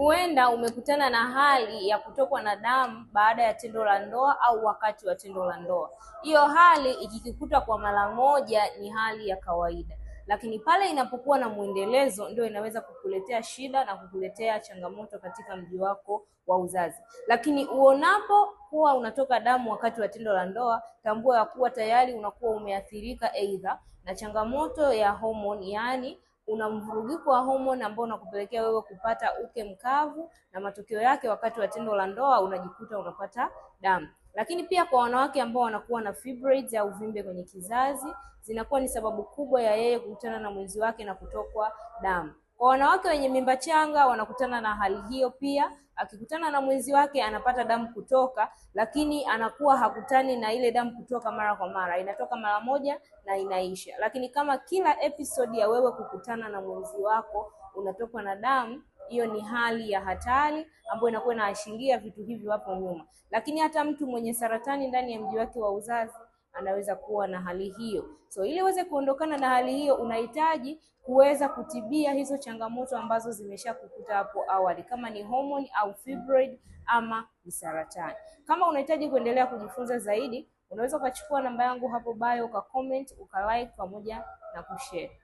Huenda umekutana na hali ya kutokwa na damu baada ya tendo la ndoa au wakati wa tendo la ndoa. Hiyo hali ikikukuta kwa mara moja ni hali ya kawaida, lakini pale inapokuwa na mwendelezo ndio inaweza kukuletea shida na kukuletea changamoto katika mji wako wa uzazi. Lakini uonapo kuwa unatoka damu wakati wa tendo la ndoa, tambua ya kuwa tayari unakuwa umeathirika aidha na changamoto ya homoni, yaani una mvurugiko wa homoni ambao unakupelekea wewe kupata uke mkavu, na matokeo yake wakati wa tendo la ndoa unajikuta unapata damu. Lakini pia kwa wanawake ambao wanakuwa na fibroids au uvimbe kwenye kizazi, zinakuwa ni sababu kubwa ya yeye kukutana na mwenzi wake na kutokwa damu. Kwa wanawake wenye mimba changa wanakutana na hali hiyo pia, akikutana na mwenzi wake anapata damu kutoka, lakini anakuwa hakutani na ile damu kutoka mara kwa mara, inatoka mara moja na inaisha. Lakini kama kila episodi ya wewe kukutana na mwenzi wako unatokwa na damu hiyo ni hali ya hatari ambayo inakuwa inaashiria vitu hivi hapo nyuma. Lakini hata mtu mwenye saratani ndani ya mji wake wa uzazi anaweza kuwa na hali hiyo. So ili uweze kuondokana na hali hiyo, unahitaji kuweza kutibia hizo changamoto ambazo zimeshakukuta hapo awali, kama ni homoni au fibroid ama ni saratani. Kama unahitaji kuendelea kujifunza zaidi, unaweza ukachukua namba yangu hapo bio, uka comment, uka like pamoja na kushare.